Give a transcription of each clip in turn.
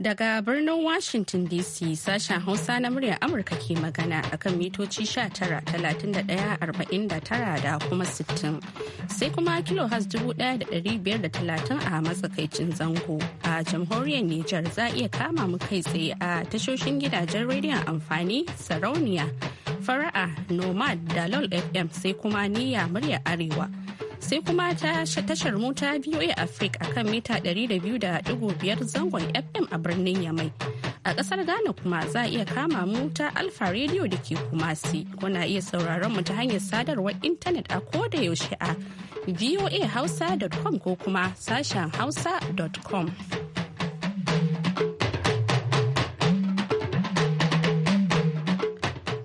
Daga birnin Washington DC sashen Hausa na muryar Amurka ke magana akan mitoci 19,31,49 da kuma 60. Sai kuma kilo has 1,530 a matsakaicin zango. A jamhuriyar Nijar za iya kama mu kai tsaye a tashoshin gidajen rediyon amfani sarauniya, fara'a, nomad dalol FM sai kuma niyya murya Arewa. sai kuma ta tashar mota VOA Africa akan mita 200.5 zangon FM a birnin Yamai. A ƙasar Ghana kuma za a iya kama mu ta Alfa Radio da ke Kumasi. Kuna iya sauraron mu ta hanyar sadarwar intanet a kodayaushe yaushe a voahausa.com ko kuma sashen hausa.com.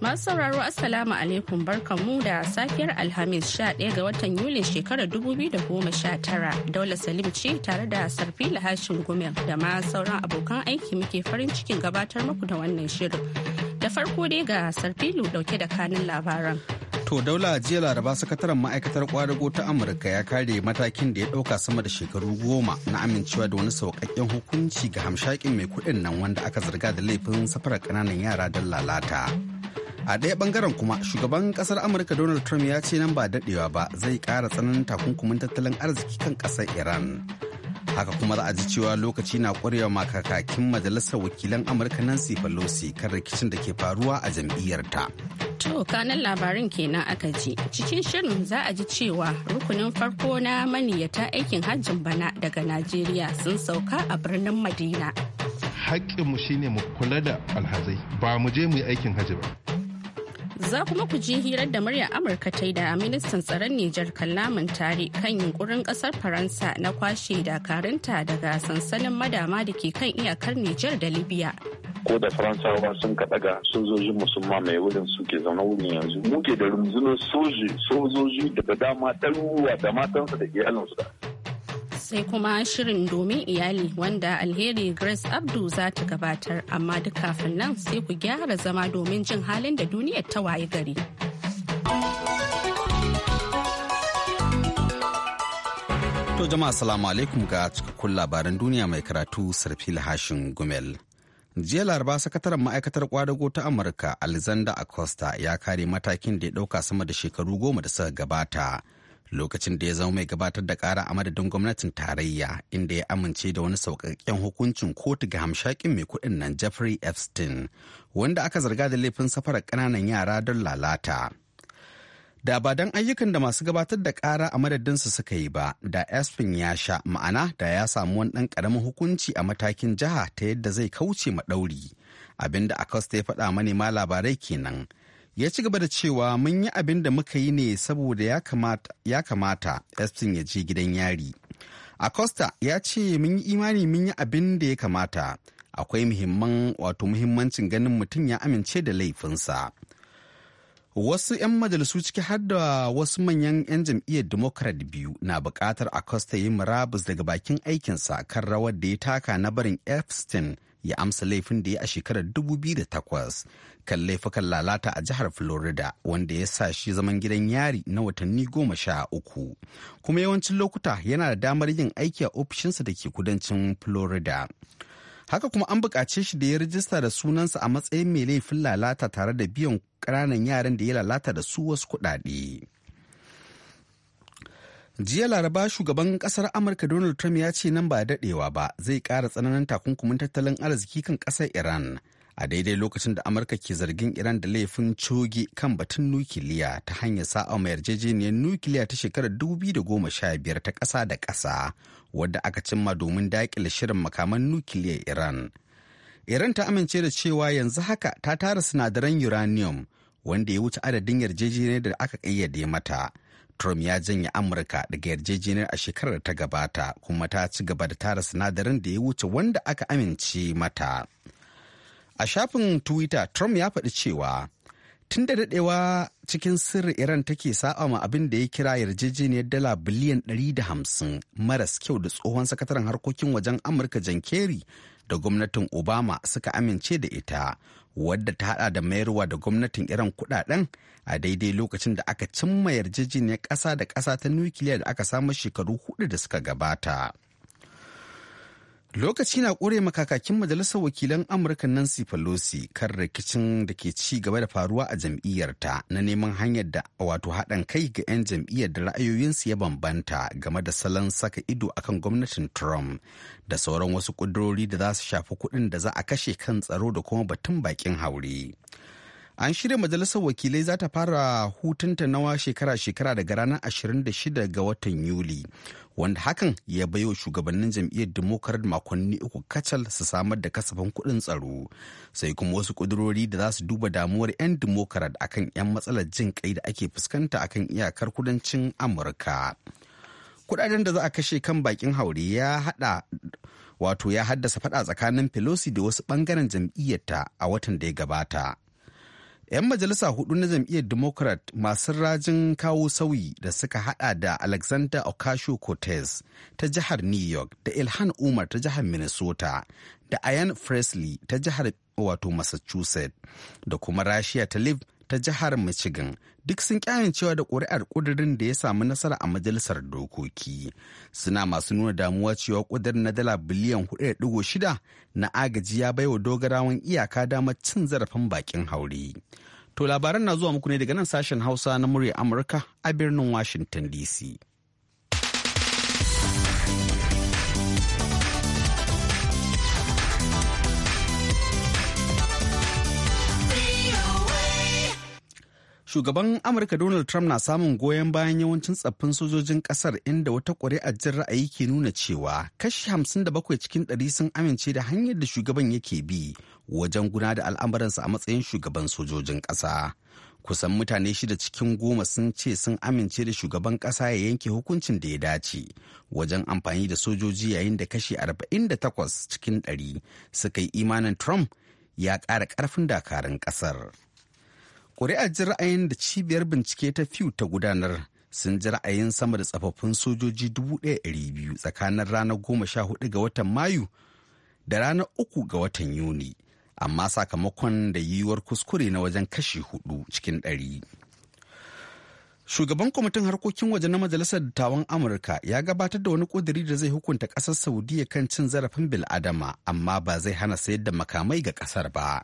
Masu sauraro Assalamu alaikum barkanmu da safiyar Alhamis 11 ga watan Yulin shekarar 2019. Daula Salim ce tare da Sarfi Lahashin Gumel da ma sauran abokan aiki muke farin cikin gabatar muku da wannan shirin. Da farko dai ga Sarfilu dauke da kanin labaran. To daula jiya laraba sakataren ma'aikatar kwadago ta Amurka ya kare matakin da ya dauka sama da shekaru goma na amincewa da wani sauƙaƙƙen hukunci ga hamshakin mai kuɗin nan wanda aka zarga da laifin safarar ƙananan yara don lalata. a ɗaya bangaren kuma shugaban ƙasar amurka donald trump ya ce nan ba daɗewa ba zai ƙara tsananin takunkumin tattalin arziki kan ƙasar iran haka kuma za a ji cewa lokaci na ƙwarewa makakakin majalisar wakilan amurka nancy pelosi kan rikicin da ke faruwa a jam'iyyarta to kanan labarin kenan aka ji cikin shirin za a ji cewa rukunin farko na maniyyata aikin hajjin bana daga najeriya sun sauka a birnin madina haƙƙinmu shine mu kula da alhazai ba mu je mu yi aikin hajji ba Za kuma ku ji hirar da murya Amurka ta yi da ministan tsaron Nijar kallaman tare kan yunkurin kasar Faransa na kwashe dakarunta daga sansanin madama da ke kan iyakar Nijar da Libya. Ko da Faransawa sun ka daga sojojin musamman mai wurin suke zaune wurin yanzu. Muke da rumzunan soji, sojoji daga dama ɗaruruwa da matansa da iyalinsu sai kuma shirin domin iyali wanda alheri Grace Abdu za ta gabatar amma duk kafin nan sai ku gyara zama domin jin halin da duniyar ta waye gari. To jama'a salamu alaikum ga cikakkun labaran duniya mai karatu sarfil hashin gumel. jiya laraba sakataren ma'aikatar kwadago ta amurka alexander acosta ya kare matakin da ya ɗauka sama da shekaru goma da suka gabata lokacin da ya zama mai gabatar da kara a madadin gwamnatin tarayya inda ya amince da wani sauƙaƙƙen hukuncin kotu ga hamshakin mai kuɗin nan jeffrey epstein wanda aka zarga da laifin safarar ƙananan yara don lalata da ba don ayyukan da masu gabatar da ƙara a madadinsu suka yi ba da espin ya sha ma'ana da ya samu wani ɗan ƙaramin hukunci a matakin jiha ta yadda zai kauce ma ɗauri abinda acosta ya faɗa manema labarai kenan ya ci gaba da cewa mun yi abin da muka yi ne saboda ya kamata Epstein ya je gidan yari. Acosta ya ce mun yi imani mun yi abin da ya kamata akwai muhimman wato muhimmancin ganin mutum ya amince da laifinsa. Wasu 'yan majalisu ciki har da wasu manyan 'yan jam'iyyar Democrat biyu na buƙatar Acosta yi murabus daga bakin aikinsa kan rawar da ya taka na barin Epstein ya amsa laifin da ya a shekarar 2008 kan laifukan lalata a jihar Florida wanda ya sa shi zaman gidan yari na watanni goma sha uku. Kuma yawancin lokuta yana da damar yin aiki a ofishinsa da ke kudancin Florida. Haka kuma an buƙace shi da ya rijista da sunansa a matsayin mai laifin lalata tare da biyan ƙananan yaran da ya lalata da su wasu kuɗaɗe. jiya laraba shugaban kasar amurka donald trump ya ce nan ba dadewa ba zai kara tsananin takunkumin tattalin arziki kan ƙasar iran a daidai lokacin da amurka ke zargin iran da laifin coge kan batun nukiliya ta hanyar sa'a mai yarjejeniyar nukiliya ta shekarar 2015 ta kasa da kasa wadda aka cimma domin dakile shirin makaman nukiliyar iran iran ta amince da cewa yanzu haka ta tara sinadaran uranium wanda ya wuce adadin yarjejeniyar da aka ƙayyade mata Trump ya janye Amurka daga yarjejeniyar a shekarar ta gabata kuma ta ci gaba da tara sinadarin da ya wuce wanda aka amince mata. A shafin Twitter, Trump ya faɗi cewa tun da daɗewa cikin sirri Iran take saba ma abin da ya kira yarjejeniyar dala biliyan 150 maras kyau da tsohon sakataren harkokin wajen Amurka John Kerry da gwamnatin Obama suka amince da ita wadda ta hada da mayarwa da gwamnatin iran kudaden a daidai lokacin da aka cimma yarjejeniyar ƙasa da ƙasa ta nukiliya da aka samu shekaru hudu da suka gabata. Lokaci na kure makakakin Majalisar Wakilan Amurka Nancy Pelosi kan rikicin da ke ci gaba da faruwa a jam'iyyarta na neman hanyar da wato haɗin kai ga 'yan jam'iyyar da ra'ayoyinsu ya bambanta game da salon saka ido akan gwamnatin Trump da sauran wasu ƙudurori da za su shafi kuɗin da za a kashe kan tsaro da kuma batun bakin haure. an shirya majalisar wakilai za ta fara hutunta nawa shekara-shekara daga ranar 26 ga watan yuli wanda hakan ya baiwa shugabannin jam'iyyar democrat makonni uku kacal su samar da kasafin kuɗin tsaro sai kuma wasu ƙudurori da za su duba damuwar 'yan democrat akan 'yan matsalar jin kai da ake fuskanta a kan iyakar kudancin amurka kudaden da za a kashe kan bakin haure ya hada wato ya haddasa faɗa tsakanin pelosi da wasu bangaren jam'iyyarta a watan da ya gabata 'Yan majalisa hudu na jam'iyyar Democrat masu rajin kawo sauyi da suka hada da Alexander Ocasio-Cortez ta jihar New York da Ilhan Umar ta jihar Minnesota da Ayan Presley ta jihar wato Massachusetts da kuma Rashiya live. ta jihar Michigan duk sun cewa da ƙuri'ar ƙudurin da ya samu nasara a majalisar dokoki. Suna masu nuna damuwa cewa ƙudurin na dala biliyan 4.6 na agaji ya baiwa dogarawan iyaka damar cin zarafin bakin haure. To labaran na zuwa muku ne daga nan sashen Hausa na murya Amurka a birnin Washington DC. Shugaban Amurka Donald Trump na samun goyon bayan yawancin tsaffin sojojin kasar inda wata ƙuri'ar jin ra'ayi ke nuna cewa kashi 57 cikin 100 sun amince da hanyar da shugaban yake bi wajen guna da al'amuransa a matsayin shugaban sojojin ƙasa. Kusan mutane shida cikin goma sun ce sun amince da shugaban ƙasa ya yanke hukuncin da ya dace wajen amfani da sojoji yayin da kashi 48 cikin 100 suka yi imanin Trump ya ƙara ƙarfin dakarun ƙasar. Ƙuri'ar ji ra'ayin da cibiyar bincike ta Pew ta gudanar sun ji ra'ayin sama da tsafaffin sojoji dubu ɗaya 1,200 tsakanin ranar hudu ga watan Mayu da ranar uku ga watan Yuni, amma sakamakon da yiwuwar kuskure na wajen kashi hudu cikin ɗari. Shugaban kwamitin harkokin waje na Majalisar Dattawan Amurka ya gabatar da wani ƙudiri da zai hukunta ƙasar Saudiya kan cin zarafin bil'adama, amma ba zai hana sayar da makamai ga ƙasar ba.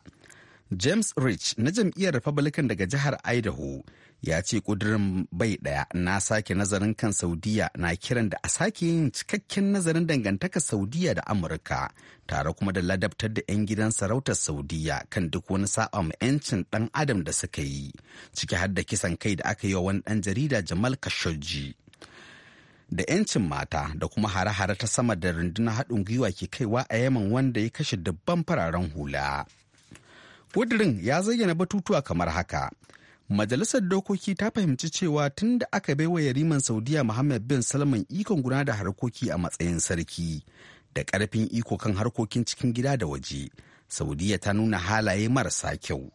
James Rich na jam'iyyar Republican daga jihar Idaho ya ce ƙudurin bai ɗaya na sake nazarin kan Saudiya na kiran da a sake yin cikakken nazarin dangantaka Saudiya da Amurka tare kuma da ladabtar da 'yan gidan sarautar Saudiya kan duk wani saba ma 'yancin ɗan adam da suka yi ciki har da kisan kai da aka yi wa wani ɗan jarida Jamal Khashoggi. da 'yancin mata da kuma hare-hare ta sama da rundunar haɗin gwiwa ke kaiwa a yaman wanda ya kashe dubban fararen hula. ƙudurin ya zayyana batutuwa kamar haka majalisar dokoki ta fahimci cewa tun da aka baiwa yariman saudiya muhammad bin salman ikon guna da harkoki a matsayin sarki da ƙarfin iko kan harkokin cikin gida da waje saudiya ta nuna halaye marasa kyau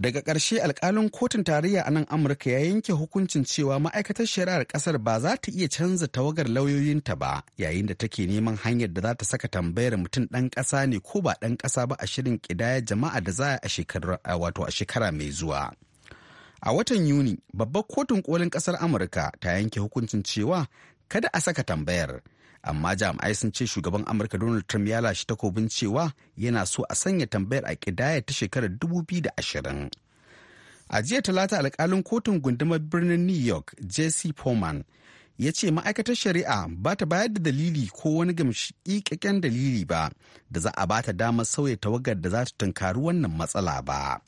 daga ƙarshe alƙalin kotun tarayya a nan amurka ya yanke hukuncin cewa ma'aikatar shari'ar ƙasar ba za ta iya canza tawagar lauyoyinta ba yayin da take neman hanyar da za ta saka tambayar mutum ɗan ƙasa ne ko ba ɗan ƙasa ba a shirin ƙidaya jama'a da za a shekara mai zuwa a watan yuni babbar kotun kolin ƙasar amurka ta yanke hukuncin cewa kada a saka tambayar amma jami'ai sun ce shugaban amurka donald trump ya lashe takobin cewa yana so a sanya tambayar a ƙidaya ta shekarar 2020 a jiya talata alkalin kotun gundumar birnin new york jc foreman ya ce ma'aikatar shari'a ba ta bayar da dalili ko wani gamshikakken dalili ba da za a ba ta damar sauya tawagar da za ta tunkari wannan matsala ba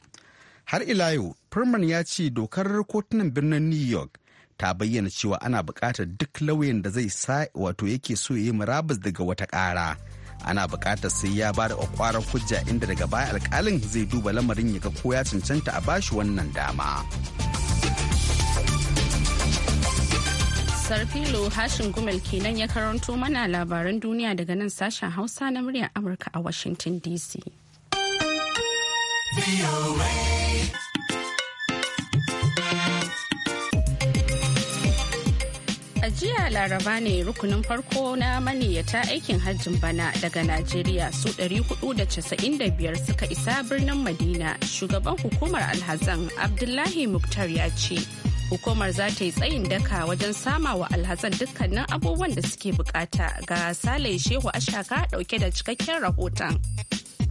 har ila yau firman ya ce dokar kotunan birnin new york ta bayyana cewa ana buƙatar duk lauyan da zai sa wato yake so ya yi murabus daga wata ƙara ana buƙatar sai ya ba da kwakwaran hujja inda daga baya alƙalin zai duba lamarin ya ga ko ya cancanta a bashi wannan dama. Sarfilo Hashin Gumel kenan ya karanto mana labaran duniya daga nan sashen Hausa na muryar Amurka a Washington DC. jiya laraba ne rukunin farko na maniyyata aikin hajjin bana daga najeriya su 495 suka isa birnin madina shugaban hukumar alhazan abdullahi muktar ya ce hukumar za ta yi tsayin daka wajen sama wa alhazan dukkanin abubuwan da suke bukata ga sale shehu ashaka dauke da cikakken rahoton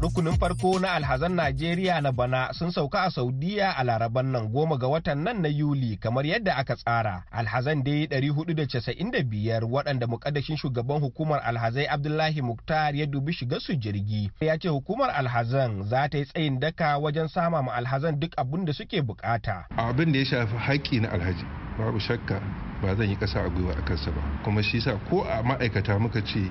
rukunin farko na alhazan najeriya na bana sun sauka a saudiya a laraban nan goma ga watan nan na yuli kamar yadda aka tsara alhazan dai da casa'in biyar waɗanda mukaddashin shugaban hukumar alhazai abdullahi muktar ya dubi shiga su jirgi ya ce hukumar alhazan za ta yi tsayin daka wajen sama ma alhazan duk abin da suke bukata abin da ya shafi haƙƙi na alhaji babu shakka ba zan yi kasa a gwiwa a kansa ba kuma shi sa ko a ma'aikata muka ce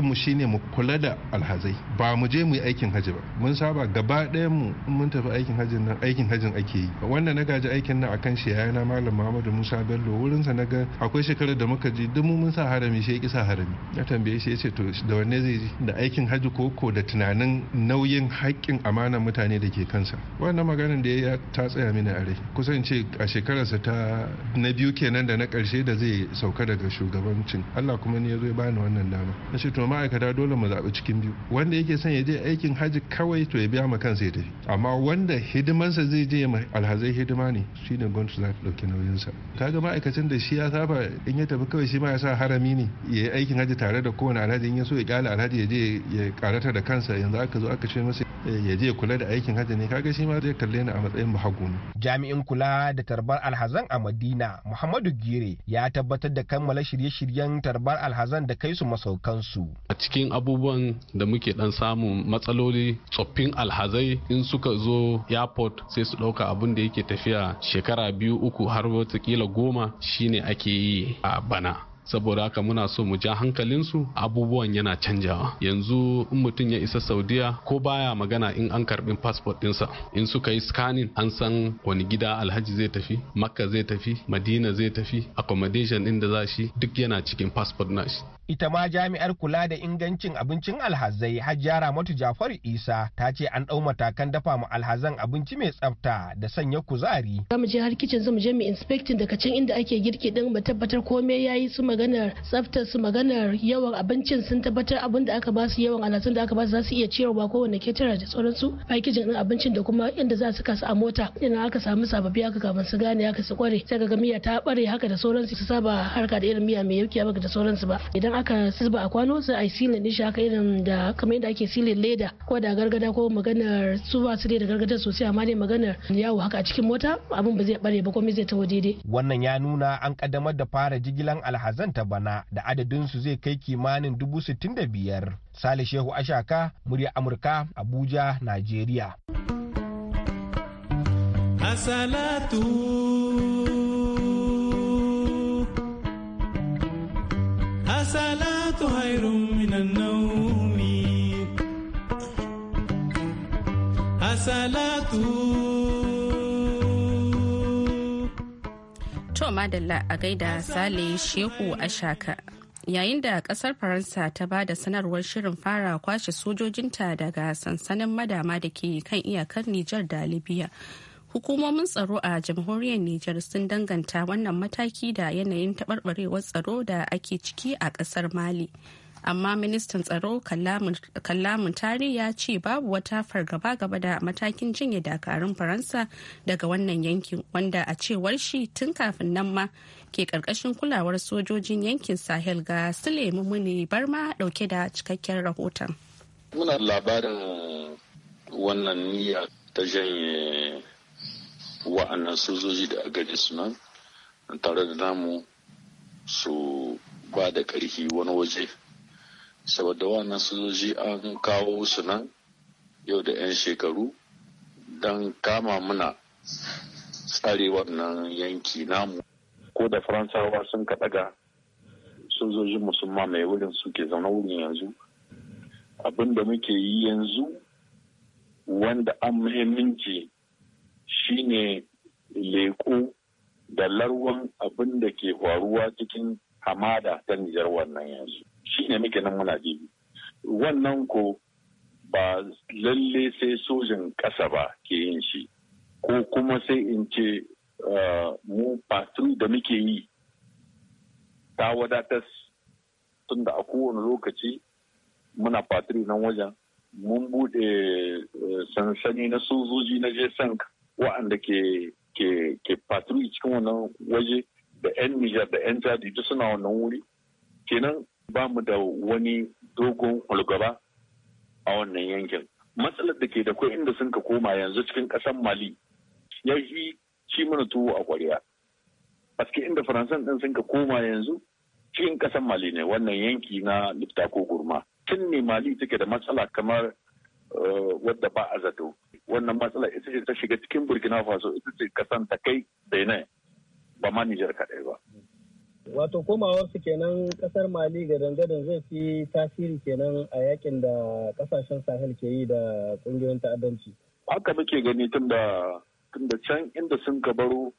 mu shine mu kula da alhazai ba mu je mu yi aikin hajji ba mun saba gaba ɗaya mu mun tafi aikin hajji nan aikin hajjin ake yi wanda na gaji aikin nan akan shi yana malam Muhammadu Musa Bello wurin sa ga akwai shekarar da muka ji duk mun sa harami shi ya sa harami na tambaye shi ce to da wanne zai ji da aikin hajji ko ko da tunanin nauyin haƙƙin amanar mutane da ke kansa wannan maganar da ya ta tsaya mini a rai kusan ce a shekararsa ta na biyu kenan da na karshe da zai sauka daga shugabancin Allah kuma ne ya zo ya bani wannan dama na ce to ma'aikata dole mu zaɓi cikin biyu wanda yake son ya je aikin haji kawai to ya biya ma kansa ya tafi amma wanda hidimansa zai je ma alhazai hidima ne ne gwamnati za ta ɗauki nauyinsa kaga ma'aikacin da shi ya saba in ya tafi kawai shi ma ya sa harami ne ya yi aikin haji tare da kowane alhaji in ya so ya ƙyale alhaji ya je ya karata da kansa yanzu aka zo aka ce masa eh, ya je kula da aikin haji ne kaga shi ma zai kalle ni a matsayin bahagu jami'in kula da tarbar alhazan a madina muhammadu gire ya tabbatar da kammala shirye-shiryen tarbar alhazan da kai su masaukansu. A cikin abubuwan da muke dan samun matsaloli tsoffin alhazai in suka zo airport sai su ɗauka abin da yake tafiya shekara biyu uku har watakila goma shine ake yi a bana. saboda haka muna so mu ja hankalinsu abubuwan yana canjawa yanzu in mutum ya isa saudiya ko baya magana in an karbi passport dinsa in suka yi scanning an san wani gida alhaji zai tafi makka zai tafi madina zai tafi accommodation din da za shi duk yana cikin passport nashi ita ma jami'ar kula da ingancin abincin alhazai hajjara matu jafar isa ta ce an ɗau matakan dafa ma alhazan abinci mai tsafta da sanya kuzari zamu je har kitchen zamu je mu inspecting daga can inda ake girki din mu tabbatar komai yayi su maganar tsaftar su maganar yawan abincin sun tabbatar abin da aka ba su yawan alatun da aka su za su iya ciyarwa kowane ketara da sauransu fakijin din abincin da kuma inda za su kasa a mota idan aka samu sababbi aka kafin su gane aka su kware sai ga miya ta bare haka da sauransu su saba harka da irin miya mai yauki haka da sauransu ba idan aka zuba a kwano sai a silin din shi haka irin da kamar yadda ake silin leda ko da gargada ko maganar su ba su da gargada sosai amma dai maganar yawo haka a cikin mota abin ba zai bare ba komai zai taho daidai wannan ya nuna an kaddamar da fara jigilan alhazan kanta bana da adadinsu zai kai kimanin dubu sittin da biyar. Sale Shehu Ashaka, murya Amurka, Abuja, Najeriya. Asalatu Asalatu hairun minan naumi Asalatu To madalla a gaida Sale Shehu Ashaka. Yayin da kasar Faransa ta ba da sanarwar shirin fara kwashe sojojinta daga sansanin madama da ke kan iyakar Nijar da Libya. Hukumomin tsaro a jamhuriyar Nijar sun danganta wannan mataki da yanayin taɓarɓarewar tsaro da ake ciki a ƙasar Mali. amma ministan tsaro kallamun tare ya ce babu wata fargaba gaba da matakin jinye dakarun faransa daga wannan yankin wanda a cewar shi tun kafin nan ma ke karkashin kulawar sojojin yankin sahel ga sulemi muni barma dauke da cikakken rahoton muna labarin wannan niyya ta janye wa'annan sojoji da a sunan tare da namu su ba da ƙarfi wani waje saboda wannan sojoji an kawo su nan yau da 'yan shekaru don kama muna tsare wannan yanki namu ko da faransawa sun ka daga sojojin musamman mai wurin suke zama wurin yanzu abin da muke yi yanzu wanda an muhimmanci shine leko da larwan abin da ke faruwa cikin hamada ta nijar wannan yanzu shi ne muke nan muna dibi wannan ko ba lalle sai sojin ƙasa ba ke yin shi ko kuma sai in ce eh, mu patru da muke yi ta wadatar tun da a kowane lokaci muna patru nan wajen mun bude eh, sansani na sojoji na jesan wa'anda ke ke ke cikin wannan waje da 'yan Nijar da 'yan jadi duk suna wannan wuri kenan ba mu da wani dogon hulgaba a wannan yankin matsalar da ke da kwai inda sun ka koma yanzu cikin ƙasar mali ya yi ci mana tuwo a ƙwarya paske inda faransan ɗin sun ka koma yanzu cikin ƙasar mali ne wannan yanki na lifta ko gurma tun ne mali take da matsala kamar eh, wadda ba a zato wannan matsala ita ce ta shiga cikin burkina faso ita ce kasan ta kai da ba ma nijar kaɗai ba wato komawar su kenan kasar mali ga dangadan zai fi tasiri kenan a yakin da kasashen sahel ke yi da kungiyoyin ta'addanci haka muke gani tun da can inda sun baro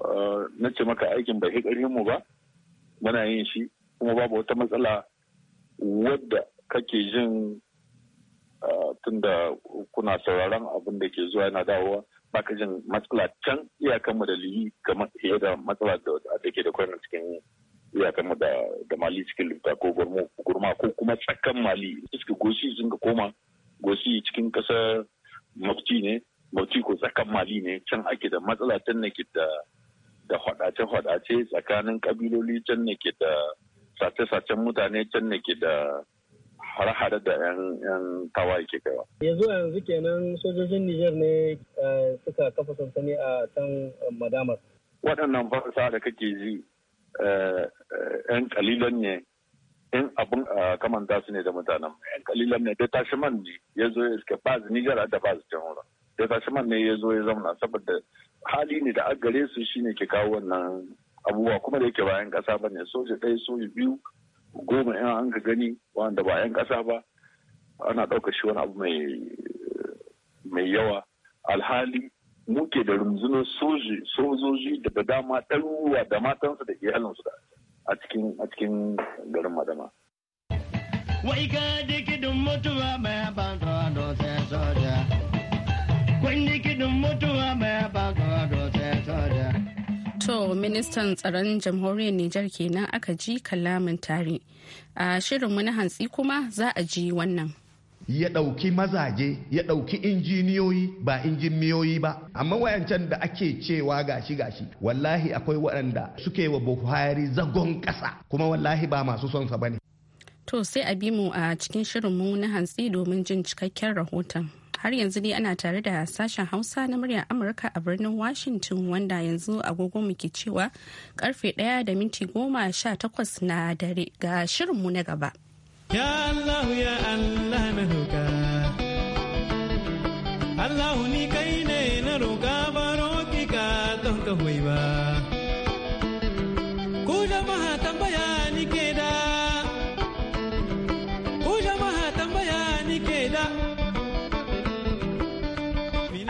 uh, na ce maka aikin bai ƙarfin mu ba muna yin shi kuma babu wata matsala wadda kake jin uh, tun da kuna sauraron abin da ke zuwa yana dawowa baka jin matsala can iyakanmu da liyi kamar fiye da matsala da take da kwanan cikin iyakanmu da da mali cikin lufta ko gurma ko kuma tsakan mali suka gosi sun ka koma gosi cikin kasa mafci ne mafci ko tsakan mali ne can ake da matsala can ne ke da da hwadace-hwadace tsakanin kabiloli can ne ke da sace-sacen mutane can ne ke da hare-hare da 'yan tawaye ke kaiwa. Yanzu yanzu kenan sojojin Nijar ne eh, suka kafa sansani a kan eh, madamar. Waɗannan farsa da kake ji eh, 'yan kalilan ne in abin kamanta su ne da mutanen yan kalilan ne detachment ne ya zo ya suke baz niger da baz can wurin detachment ne ya zo ya zauna saboda hali ne da a gare su shine ke kawo wannan abubuwa kuma da yake bayan kasa ba ne soja ɗaya soja biyu goma yan an ka gani wanda ba yan ƙasa ba ana ɗauka shi wani abu mai yawa alhali muke da rundunar sojoji da dama ɗaruwa da matansa da iyalinsu a cikin a cikin garin madama. Wai ka dikidin mutuwa mai bantuwa dosai soja. Kun mutuwa mai soja. To ministan tsaron jamhuriyar Nijar kenan aka ji kalamin tare. A shirinmu na hantsi kuma za a ji wannan. ya ɗauki mazaje ya ɗauki injiniyoyi ba injiniyoyi ba amma wayancan da ake cewa gashi gashi wallahi akwai waɗanda suke wa buhari zagon ƙasa kuma wallahi ba masu son sa bane to sai a bi mu a cikin shirinmu na hantsi domin jin cikakken rahoton har yanzu ne ana tare da sashen hausa na muryar amurka a birnin washington wanda yanzu agogo muke cewa karfe ɗaya da minti goma sha takwas na dare ga shirinmu na gaba allah ya allah na allah ni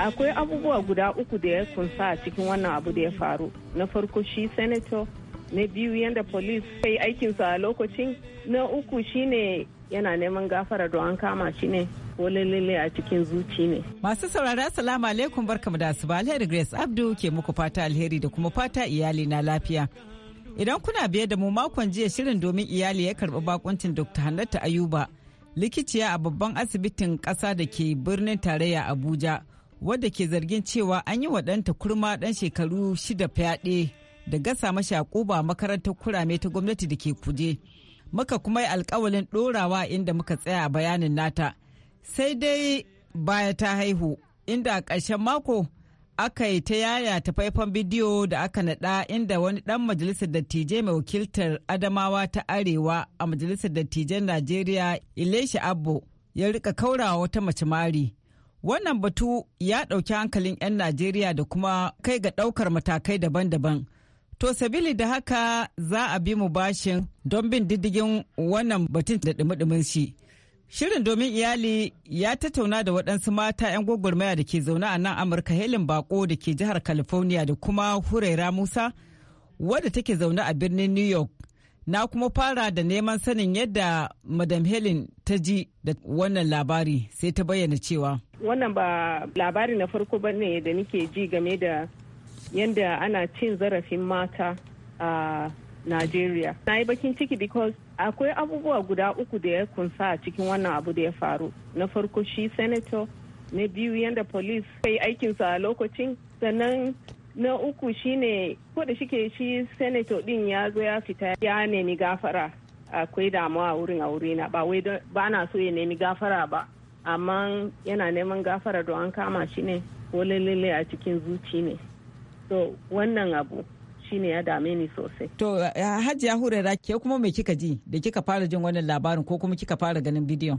akwai abubuwa guda uku da ya kunsa a cikin wannan abu da ya faru na farko shi senator na biyu yadda police ya yi aikinsa a lokacin na uku shine yana neman gafara don an kama shi ne ko lalle a cikin zuci ne masu saurara salamu alaikum barkamu da asuba alheri grace abdu ke muku fata alheri da kuma fata iyali na lafiya idan kuna biye da mu makon jiya shirin domin iyali ya karbi bakuncin dr hannatu ayuba likiciya a babban asibitin kasa da ke birnin tarayya abuja wadda ke zargin cewa an yi wa ɗanta kurma ɗan shekaru shida fyaɗe da gasa mashi ba makarantar kurame ta gwamnati da ke kuje. Muka kuma yi alkawalin ɗorawa inda muka tsaya a bayanin nata. Sai dai baya ta haihu inda a ƙarshen mako aka yi ta yaya ta faifan bidiyo da aka naɗa inda wani ɗan majalisar dattijai mai wakiltar adamawa ta arewa a majalisar dattijan najeriya ilesha abbo ya rika kaurawa wata mace mari Wannan batu ya ɗauki hankalin 'yan Najeriya da kuma kai ga ɗaukar matakai daban-daban. To sabili da haka za a bi mu bashin don bin diddigin wannan batun da ɗumi shi. Shirin domin iyali ya tattauna da waɗansu mata 'yan gwagwarmaya da ke zaune a nan Amurka Helen Bako da ke jihar California da kuma Huraira Musa wadda take zaune a birnin New York Na kuma fara da neman sanin yadda Madam Helen ta ji da wannan labari sai ta bayyana cewa. Wannan ba labari na farko ba ne da nike ji game da yadda ana cin zarafin mata a nigeria. Na yi bakin ciki because akwai abubuwa guda uku da ya kunsa a cikin wannan abu da ya faru. Na farko shi senator, na biyu yadda police kai aikinsa a lokacin, sannan na uku shine ko da shike shi senator din ya zo ya fita ya nemi gafara akwai damuwa wurin a na ba wai ba na so ya nemi gafara ba amma yana neman gafara don an kama shi ne ko lalle a cikin zuci ne to wannan abu shine ya dame ni sosai to hajiya hurera ke kuma mai kika ji da kika fara jin wannan labarin ko kuma kika fara ganin bidiyon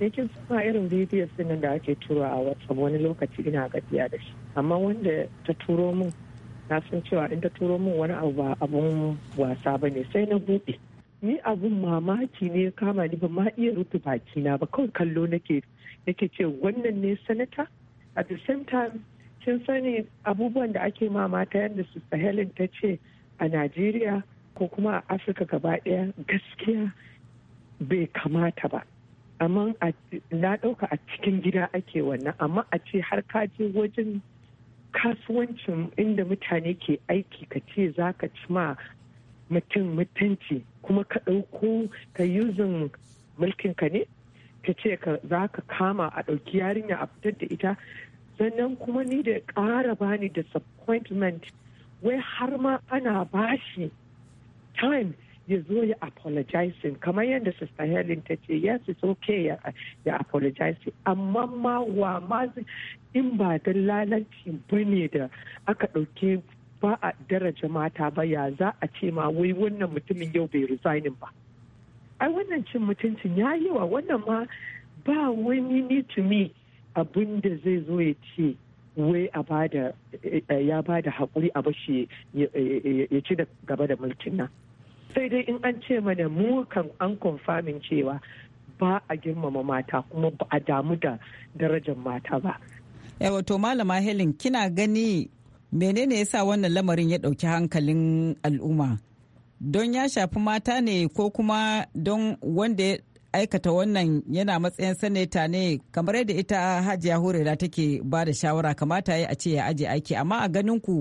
da eh, kin irin bidiyon sinin da ake tura a whatsapp wani lokaci ina gajiya da shi amma wanda ta turo min na san cewa in ta turo min wani abu ba abun wasa ba ne sai na buɗe ni abun mamaki ne kama ni ba ma iya rufe baki na ba kawai kallo nake nake ce wannan ne sanata at the same time kin sani abubuwan da ake mamata yadda su helen ta ce a najeriya ko kuma a afirka gaba ɗaya gaskiya bai kamata ba amma na ɗauka a cikin gida ake wannan amma a ce har ka je wajen kasuwancin inda mutane ke aiki ka ce za ka ci ma mutum mutunci kuma ka ɗauko ka yuzin mulkin ka ne ka ce za ka kama a ɗauki yarinya a fitar da ita sannan kuma ni da ƙara bani disappointment wai har ma ana bashi time ya zo ya apologizing kamar yadda sista helen ta ce ya it's okay ya, ya apologizing amma ma wa ma in ba da lalaci bane da aka ɗauke ba a daraja mata ba ya za a ce ma wai wannan mutumin yau bai resigning ba ai wannan cin mutuncin ya yi wa wannan ma ba wani need to me abin da zai zo ya ce wai a bada ya da haƙuri a bashi ya ci gaba da mulkin nan sai dai in an ce mana mu kan an konfamin cewa ba a girmama mata kuma ba a damu da darajar mata ba. Yawa eh, to malama Helen kina gani menene yasa wannan lamarin ya ɗauki hankalin al'umma? Don ya shafi mata ne ko kuma don wanda ya aikata wannan yana matsayin sanata ne kamar yadda ita hajiya horera take ba da shawara kamata ya a ce ya aje aiki amma a ganin ku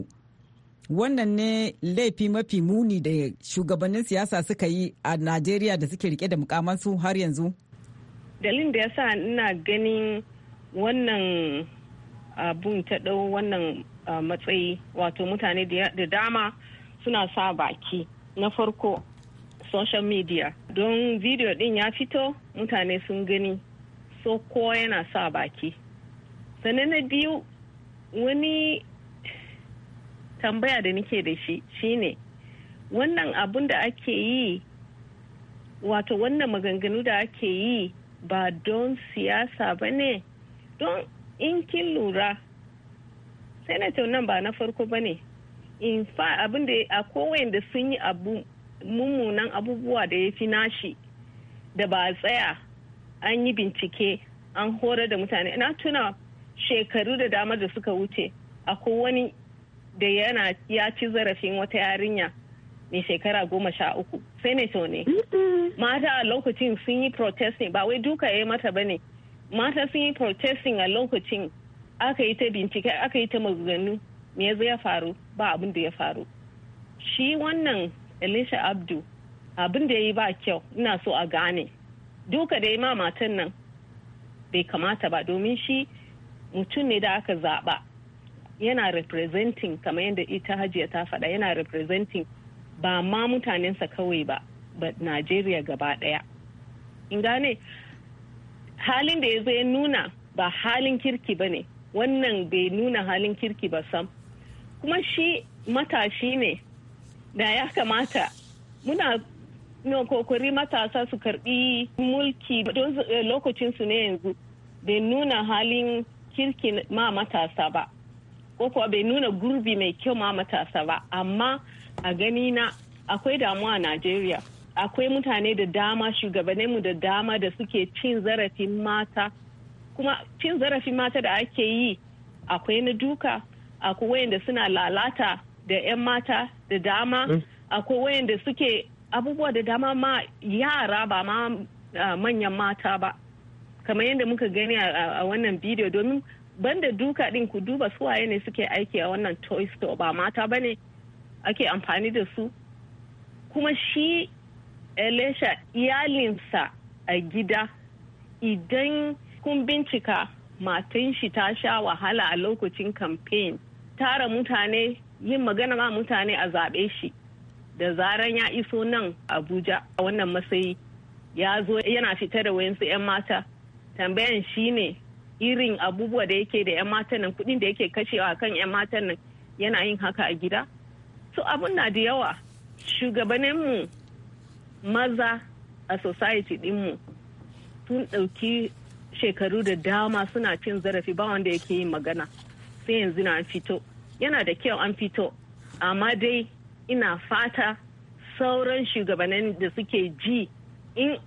wannan ne laifi mafi muni da shugabannin siyasa suka yi a najeriya da suke rike da mukamansu har yanzu dalilin da ya sa ina ganin wannan abun ta ɗau wannan matsayi wato mutane da dama suna sa baki na farko social media don video din ya fito mutane sun gani so ko yana sa baki sannan na biyu wani tambaya da nake da shi shine wannan abun da ake yi wato wannan maganganu da ake yi ba don siyasa ba ne don in kin lura senator nan ba na farko ba ne in fa abin da a kowai da sun yi abu mummunan abubuwa da ya fi nashi da ba a tsaya an yi bincike an horar da mutane na tuna shekaru da dama da suka wuce a wani da yana ya ci zarafin wata yarinya mai shekara goma sha uku senator ne mata a lokacin sun yi protesting ba wai duka ya mata ba ne mata sun yi protesting a lokacin aka yi ta bincike aka yi ta maganganu me ya ya faru ba abin da ya faru shi wannan elisha abdu abin da ya yi ba kyau ina so a gane duka da ya ma matan nan bai kamata ba domin shi mutum ne da aka zaɓa yana representing kamar yadda ita hajiya ta faɗa yana representing ba ma mutanensa kawai ba ba najeriya gaba ɗaya in gane halin da ya zai nuna ba halin kirki ba ne wannan bai nuna halin kirki ba sam kuma shi matashi ne da ya kamata muna no, kokori matasa su karbi mulki don eh, lokacinsu ne yanzu bai nuna halin kirki ma matasa ba ko kuwa bai nuna gurbi mai kyau ma matasa ba amma a gani na akwai damuwa a najeriya akwai mutane da dama mu da dama da suke cin zarafin mata kuma cin zarafin mata da ake yi akwai na duka akwai wayanda suna lalata da 'yan mata da dama mm. akwai wayanda suke abubuwa da dama ma yara ba ma ah, manyan mata ba kamar yadda muka gani a wannan bidiyo domin banda duka din ku duba su waye ne suke aiki a wannan toy store ba mata ba ne ake amfani da su kuma shi elisha eh, iyalinsa a gida idan kun bincika matan shi ta sha wahala a lokacin campaign tara mutane yin magana ma mutane a zaɓe shi da zaran ya iso nan abuja a wannan matsayi ya zo yana fita da wayansu 'yan mata tambayan shi ne irin abubuwa da yake da 'yan matan nan kudin da yake kashewa kan 'yan matan nan yana yin haka a gida so abun na da yawa shugabanninmu maza a society dinmu tun ɗauki shekaru da dama suna cin zarafi ba wanda yake yin magana sai yanzu na an fito yana da kyau an fito amma dai ina fata sauran shugabannin da suke ji in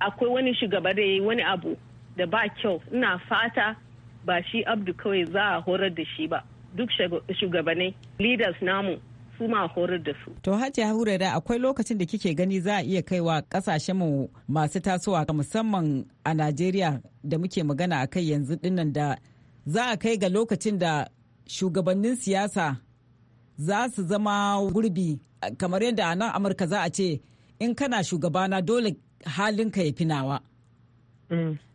akwai wani shugaba da ya yi wani abu da ba kyau ina fata ba shi abdu kawai za a horar da shi ba duk shugabannin leaders namu su ma horar da su. To hajji Hurera akwai lokacin da kike gani za a iya kaiwa kasashen mu masu tasowa musamman a Najeriya da muke magana a kai yanzu dinnan da za a kai ga lokacin da shugabannin siyasa za su zama gurbi kamar yadda a nan Amurka za a ce in kana shugabana dole halinka ya fi nawa.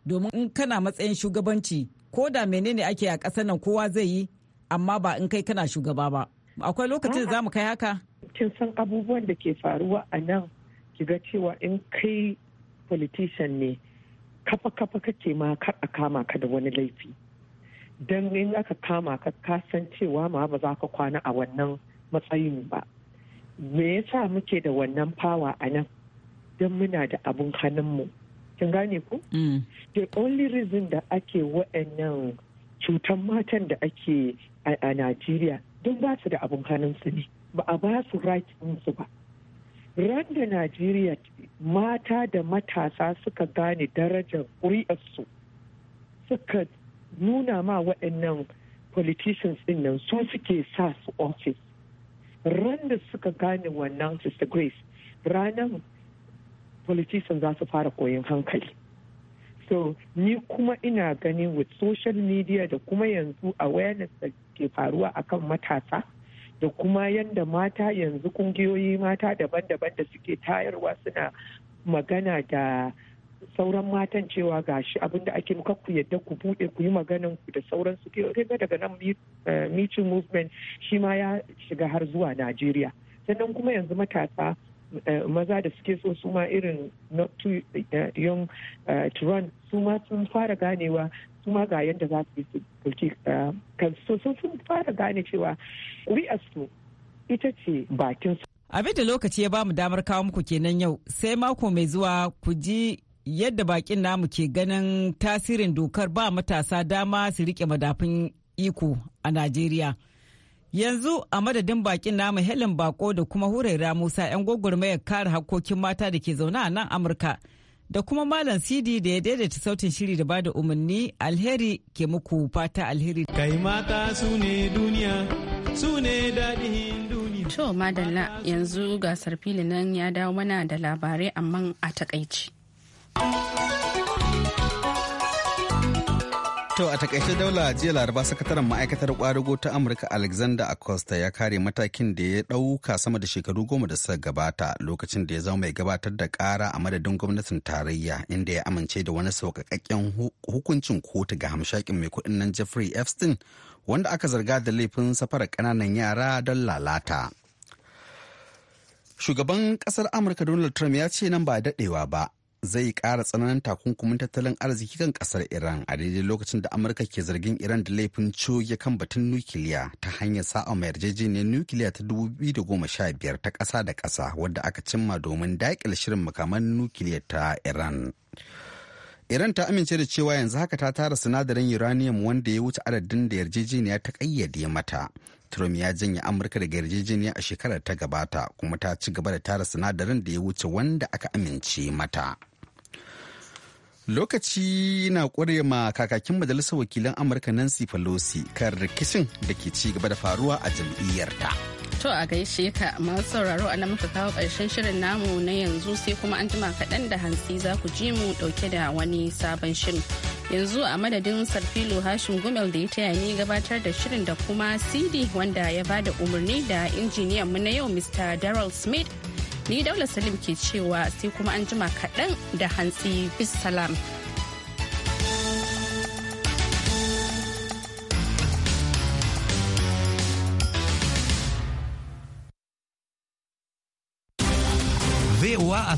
domin in kana matsayin shugabanci ko da menene ake a ƙasar nan kowa zai yi amma ba in kai kana shugaba ba akwai lokacin da za mu kai haka kin san abubuwan da ke faruwa a nan ki ga cewa in kai politician ne kafa kafa kake ma kar a kama ka da wani laifi don in aka kama ka ka san cewa ma ba za ka kwana a wannan matsayin ba me yasa muke da wannan fawa a nan dan muna da abun hannunmu kin gane ku mm. the only reason da ake wa'annan cutan matan da ake a Najeriya don ba su da abin hannunsu ne ba a ba su right su ba ran da Najeriya mata da matasa suka gane darajar ƙuri'arsu suka nuna ma waɗannan politicians din nan su suke sa su office ran da suka gane wannan sister grace ranar politician za su fara koyon hankali so ni kuma ina ganin with social media da kuma yanzu awareness da ke faruwa akan matasa da kuma yadda mata yanzu kungiyoyi mata daban-daban da suke tayarwa suna magana da sauran matan cewa gashi abin da ake muka ku yadda ku bude ku yi maganan ku da sauran su ke daga nan mitin eh, movement shi ma ya shiga har zuwa najeriya sannan kuma yanzu matasa Eh, maza da suke so su ma irin not too eh, young eh, to run su ma sun fara ganewa su ma ga yadda za su yi su kansu sun fara gane cewa su ita ce bakin su. Abin da lokaci ya ba mu damar kawo muku kenan yau sai mako mai zuwa ku ji yadda bakin namu ke ganin tasirin dokar ba matasa dama su rike madafin iko a Najeriya. Yanzu a madadin bakin namu Helen Bako da kuma Huraira Musa 'yan gwagwarmayar kare hakkokin mata da ke zaune a nan Amurka da kuma Malam Sidi da ya daidaita sautin shiri da bada umarni alheri ke muku fata alheri. Kai mata su ne duniya, su ne daɗin duniya. To madalla yanzu gasar fili nan ya dawo mana da labarai amma a takaici. To a takaice daula jiya laraba sakataren ma'aikatar kwadago ta Amurka Alexander Acosta ya kare matakin da ya ɗauka sama da shekaru goma da suka gabata lokacin da ya zama mai gabatar da ƙara a madadin gwamnatin tarayya inda ya amince da wani sauƙaƙƙen hukuncin kotu ga hamshakin mai kuɗin nan Jeffrey Epstein wanda aka zarga da laifin safarar ƙananan yara don lalata. Shugaban ƙasar Amurka Donald Trump ya ce nan ba daɗewa ba zai kara tsananin takunkumin tattalin arziki kan ƙasar Iran a daidai lokacin da Amurka ke zargin Iran da laifin coge kan batun nukiliya ta hanyar sa'a mai yarjejeniyar nukiliya ta 2015 ta ƙasa da kasa wadda aka cimma domin daƙile shirin makaman nukiliya ta Iran. Iran ta amince da cewa yanzu haka ta tara sinadarin uranium wanda ya wuce adadin da yarjejeniya ta ƙayyade mata. Trump ya janye Amurka daga yarjejeniya a shekarar ta gabata kuma ta ci gaba da tara sinadarin da ya wuce wanda aka amince mata. Lokaci na ƙure ma kakakin majalisar wakilan Amurka Nancy Pelosi kan rikicin da ke ci gaba da faruwa a jam'iyyarta. To a gaishe ka masu sauraro a muka kawo ƙarshen shirin namu na yanzu sai kuma an jima kaɗan da hantsi za ku ji mu ɗauke da wani sabon shirin. Yanzu a madadin Sarfilo Hashim Gumel da ya taya ni gabatar da shirin da kuma CD wanda ya bada umarni da injiniyan mu na yau Mr. Daryl Smith. Ni Daula Salim ke cewa sai kuma an jima kaɗan da hantsi bis salam.